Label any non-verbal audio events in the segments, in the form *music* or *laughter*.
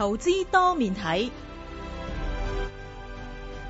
投資多面睇，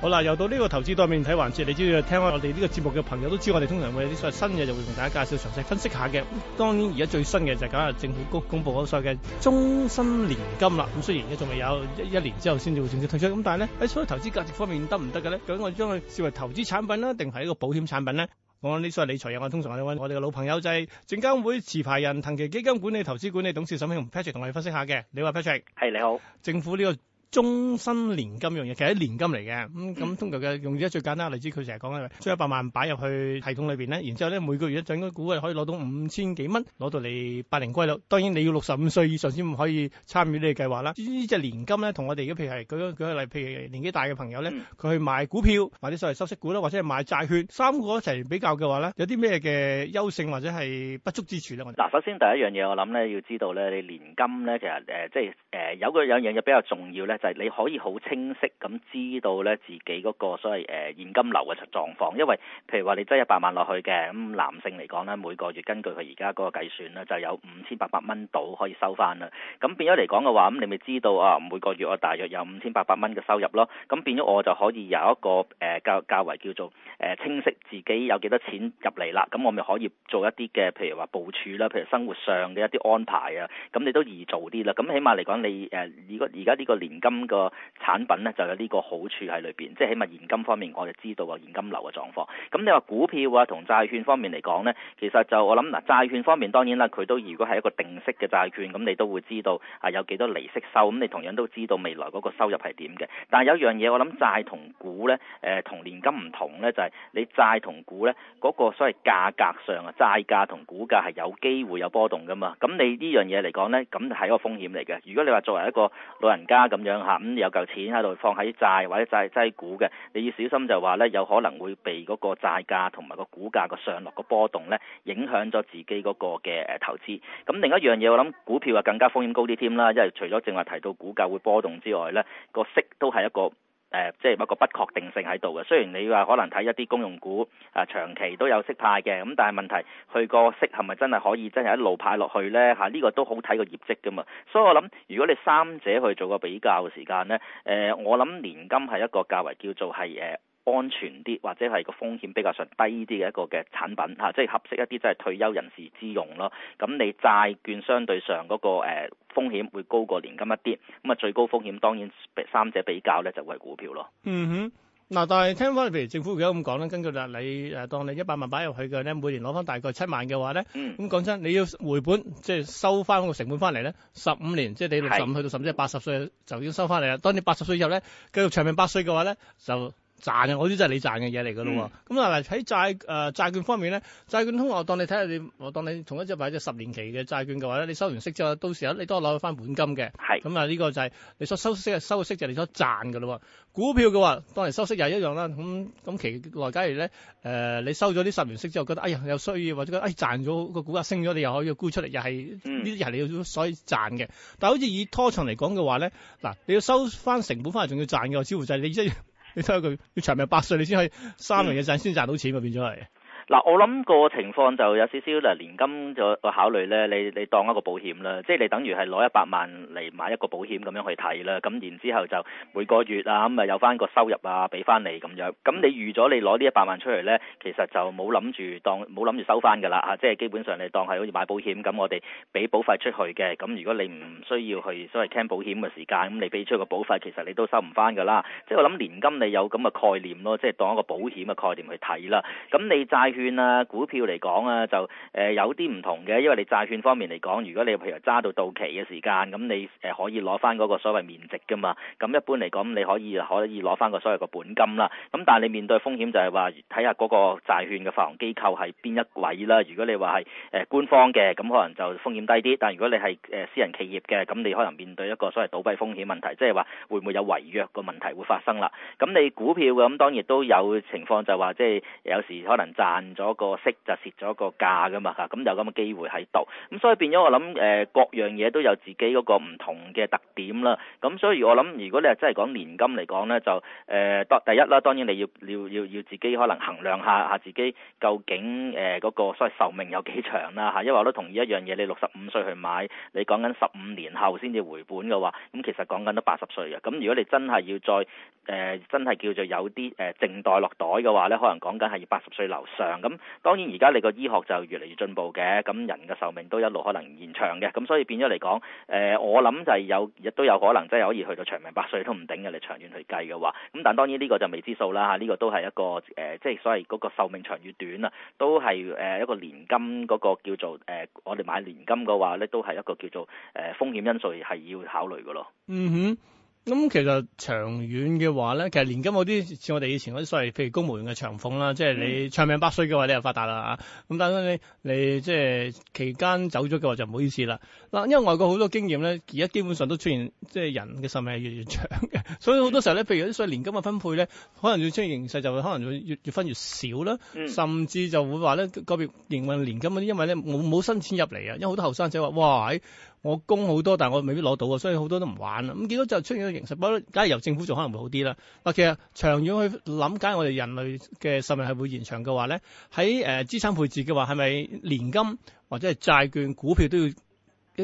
好啦，又到呢個投資多面睇環節，你知要聽開我哋呢個節目嘅朋友都知，我哋通常會有啲所謂新嘅就會同大家介紹詳細分析下嘅。當然而家最新嘅就係今日政府公公布嗰個所謂嘅終身年金啦。咁雖然佢仲未有一一年之後先至會正式推出，咁但係咧，喺所謂投資價值方面得唔得嘅咧？究竟我哋將佢視為投資產品啦，定係一個保險產品咧？我呢啲所謂理財人。我通常係揾我哋嘅老朋友，就係證監會持牌人騰祺基金管理投資管理董事沈慶洪 Patrick 同我哋分析一下嘅。你話 Patrick，係你好，Patrick、hey，你好政府呢、這個。終身年金樣嘢，其實係年金嚟嘅咁咁，通常嘅用咗最簡單例子，佢成日講咧，將一百萬擺入去系統裏邊咧，然之後咧每個月一整啲股可以攞到五千幾蚊，攞到你八零歸老。當然你要六十五歲以上先可以參與呢個計劃啦。呢隻年金咧，同我哋而家譬如係舉個舉個例，譬如，譬如年紀大嘅朋友咧，佢去買股票、買啲所謂收息股啦，或者係買債券，三個一齊比較嘅話咧，有啲咩嘅優勝或者係不足之處咧？嗱，首先第一樣嘢我諗咧，要知道咧，你年金咧，其實誒即係誒有個有樣嘢比較重要咧。就係你可以好清晰咁知道咧，自己嗰個所謂誒現金流嘅狀況，因為譬如話你擠一百萬落去嘅，咁男性嚟講咧，每個月根據佢而家嗰個計算咧，就有五千八百蚊到可以收翻啦。咁變咗嚟講嘅話，咁你咪知道啊，每個月我大約有五千八百蚊嘅收入咯。咁變咗我就可以有一個誒較、呃、較為叫做誒、呃、清晰自己有幾多錢入嚟啦。咁我咪可以做一啲嘅譬如話部署啦，譬如生活上嘅一啲安排啊，咁你都易做啲啦。咁起碼嚟講你誒如果而家呢個年金，咁個產品咧就有呢個好處喺裏邊，即係起碼現金方面，我哋知道個現金流嘅狀況。咁你話股票啊同債券方面嚟講呢，其實就我諗嗱，債券方面當然啦，佢都如果係一個定息嘅債券，咁你都會知道啊有幾多利息收，咁你同樣都知道未來嗰個收入係點嘅。但係有一樣嘢我諗債同股呢，誒、呃、同年金唔同呢，就係、是、你債同股呢嗰、那個所謂價格上啊，債價同股價係有機會有波動噶嘛。咁你呢樣嘢嚟講呢，咁係一個風險嚟嘅。如果你話作為一個老人家咁樣，嚇咁、嗯、有嚿錢喺度放喺債或者債債,債股嘅，你要小心就話咧，有可能會被嗰個債價同埋個股價個上落個波動呢，影響咗自己嗰個嘅誒投資。咁、嗯、另一樣嘢我諗股票啊更加風險高啲添啦，因為除咗正話提到股價會波動之外呢，個息都係一個。誒、呃，即係一個不確定性喺度嘅。雖然你話可能睇一啲公用股，啊、呃、長期都有息派嘅，咁但係問題佢個息係咪真係可以真係一路派落去呢？嚇、啊，呢、這個都好睇個業績噶嘛。所以我諗，如果你三者去做個比較嘅時間呢，誒、呃，我諗年金係一個較為叫做係誒。呃安全啲，或者係個風險比較上低啲嘅一個嘅產品嚇、啊，即係合適一啲，即係退休人士之用咯。咁、啊、你債券相對上嗰、那個誒、呃、風險會高過年金一啲，咁啊最高風險當然三者比較咧就係股票咯。嗯哼，嗱，但係聽翻，譬如政府而家咁講咧？根據啦，你誒當你一百萬擺入去嘅咧，每年攞翻大概七萬嘅話咧，咁講、嗯、真你要回本，即係收翻個成本翻嚟咧，十五年即係你六十五去到十五，即係八十歲就已經收翻嚟啦。是當你八十歲之後咧，繼續長命百歲嘅話咧，就～賺嘅，我啲真係你賺嘅嘢嚟㗎咯。咁啊、嗯，嗱喺債誒、呃、債券方面咧，債券通常我當你睇下你，我當你同一隻買隻十年期嘅債券嘅話咧，你收完息之後，到時候你都攞翻本金嘅。係、哎。咁啊呢個就係你所收息收嘅息就係你所賺㗎咯。股票嘅話，當年收息又係一樣啦。咁咁期內假如咧誒你收咗啲十年息之後，覺得哎呀有需要或者覺得哎賺咗個股價升咗，你又可以沽出嚟，又係呢啲係你所以賺嘅。但係好似以拖倉嚟講嘅話咧，嗱你要收翻成本翻嚟，仲要賺嘅，似乎就係你即 *laughs* 你睇下佢要長命百歲，你先可以三年嘅賺先賺到錢，錢、嗯，變咗係。嗱，我諗個情況就有少少嗱，年金就個考慮咧，你你當一個保險啦，即係你等於係攞一百萬嚟買一個保險咁樣去睇啦，咁然之後就每個月啊咁啊、嗯、有翻個收入啊俾翻你咁樣，咁你預咗你攞呢一百萬出嚟咧，其實就冇諗住當冇諗住收翻噶啦吓，即係基本上你當係好似買保險咁，我哋俾保費出去嘅，咁如果你唔需要去所謂傾保險嘅時間，咁你俾出個保費，其實你都收唔翻噶啦，即係我諗年金你有咁嘅概念咯，即係當一個保險嘅概念去睇啦，咁你債券。券啊，股票嚟講啊，就誒有啲唔同嘅，因為你債券方面嚟講，如果你譬如揸到到期嘅時間，咁你誒可以攞翻嗰個所謂面值噶嘛。咁一般嚟講，你可以可以攞翻個所謂嘅本金啦。咁但係你面對風險就係話睇下嗰個債券嘅發行機構係邊一位啦。如果你話係誒官方嘅，咁可能就風險低啲。但如果你係誒私人企業嘅，咁你可能面對一個所謂倒閉風險問題，即係話會唔會有違約個問題會發生啦。咁你股票咁當然都有情況就話即係有時可能賺咗個息就蝕咗個價噶嘛，嚇，咁有咁嘅機會喺度，咁所以變咗我諗誒各樣嘢都有自己嗰個唔同嘅特點啦。咁所以我諗，如果你係真係講年金嚟講咧，就誒第一啦，當然你要要要要自己可能衡量下下自己究竟誒嗰個所謂壽命有幾長啦，嚇，因為我都同意一樣嘢，你六十五歲去買，你講緊十五年後先至回本嘅話，咁其實講緊都八十歲嘅。咁如果你真係要再誒真係叫做有啲誒靜待落袋嘅話咧，可能講緊係要八十歲樓上。咁當然而家你個醫學就越嚟越進步嘅，咁人嘅壽命都一路可能延長嘅，咁所以變咗嚟講，誒，我諗就係有亦都有可能，即係可以去到長命百歲都唔定嘅。你長遠去計嘅話，咁但當然呢個就未知數啦。嚇，呢個都係一個誒，即係所謂嗰個壽命長與短啊，都係誒一個年金嗰個叫做誒，我哋買年金嘅話咧，都係一個叫做誒風險因素係要考慮嘅咯。嗯哼。咁、嗯嗯、其實長遠嘅話咧，其實年金嗰啲，似我哋以前嗰啲所謂譬如公務員嘅長俸啦，即係你長命百歲嘅話，你就發達啦嚇。咁、啊、但係你你即係期間走咗嘅話，就唔好意思啦。嗱，因為外國好多經驗咧，而家基本上都出現即係人嘅壽命係越嚟越長嘅，所以好多時候咧，譬如啲所謂年金嘅分配咧，可能要出現形勢就可能會越越分越少啦。甚至就會話咧，個別營運年金嗰啲，因為咧冇冇新錢入嚟啊，因為好多後生仔話哇喺。我供好多，但係我未必攞到啊，所以好多都唔玩啦。咁見到就出現咗形勢，不，梗係由政府做可能會好啲啦。嗱，其實長遠去諗解，我哋人類嘅壽命係會延長嘅話咧，喺誒資產配置嘅話，係咪年金或者係債券、股票都要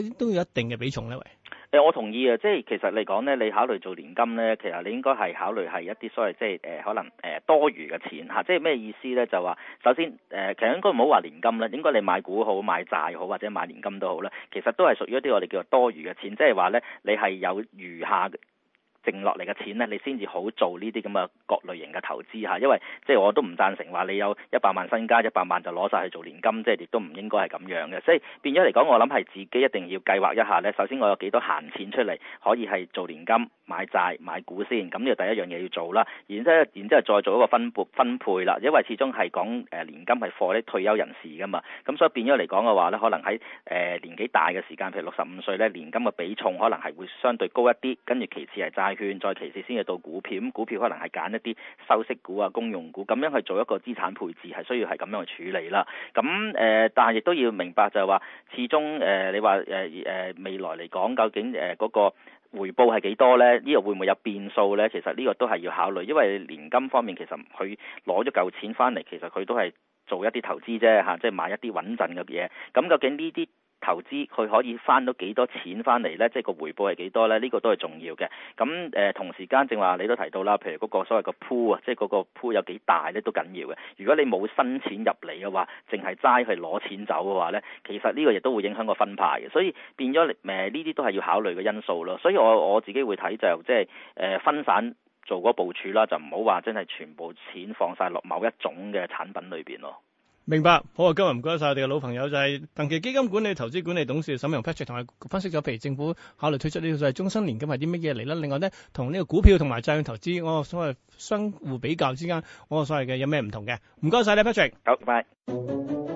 一都要一定嘅比重咧？喂？我同意啊，即係其實你講咧，你考慮做年金咧，其實你應該係考慮係一啲所謂即係誒可能誒、呃、多餘嘅錢嚇，即係咩意思咧？就話首先誒、呃，其實應該唔好話年金啦，應該你買股好、買債好，或者買年金都好啦，其實都係屬於一啲我哋叫做多餘嘅錢，即係話咧，你係有餘下嘅。定落嚟嘅錢咧，你先至好做呢啲咁嘅各類型嘅投資嚇，因為即係我都唔贊成話你有一百萬身家，一百萬就攞晒去做年金，即係亦都唔應該係咁樣嘅。所以變咗嚟講，我諗係自己一定要計劃一下呢。首先我有幾多閒錢出嚟可以係做年金、買債、買股先，咁呢個第一樣嘢要做啦。然之後，然之後再做一個分撥分配啦，因為始終係講誒年金係 for 啲退休人士㗎嘛。咁所以變咗嚟講嘅話呢，可能喺誒、呃、年紀大嘅時間，譬如六十五歲呢，年金嘅比重可能係會相對高一啲，跟住其次係債券再其次先至到股票，股票可能係揀一啲收息股啊、公用股，咁樣去做一個資產配置係需要係咁樣去處理啦。咁誒、呃，但係亦都要明白就係話始終誒、呃，你話誒誒未來嚟講，究竟誒嗰、呃嗰個回報係幾多咧？呢、這個會唔會有變數咧？其實呢個都係要考慮，因為年金方面其實佢攞咗嚿錢翻嚟，其實佢都係做一啲投資啫吓、啊、即係買一啲穩陣嘅嘢。咁究竟呢啲？投資佢可以翻到幾多錢翻嚟呢？即係個回報係幾多呢？呢個都係重要嘅。咁誒、呃、同時間，正話你都提到啦，譬如嗰個所謂個 pool 啊，即係嗰個 pool 有幾大呢都緊要嘅。如果你冇新錢入嚟嘅話，淨係齋去攞錢走嘅話呢，其實呢個亦都會影響個分派嘅。所以變咗誒呢啲都係要考慮嘅因素咯。所以我我自己會睇就即係誒分散做嗰個部署啦，就唔好話真係全部錢放晒落某一種嘅產品裏邊咯。明白，好啊，今日唔該晒我哋嘅老朋友，就係騰祺基金管理投資管理董事沈慶洪 Patrick，同我分析咗，譬如政府考慮推出呢個所謂終身年金係啲乜嘢嚟啦，另外咧同呢個股票同埋債券投資，我所謂相互比較之間，我所謂嘅有咩唔同嘅？唔該晒你，Patrick。好，拜。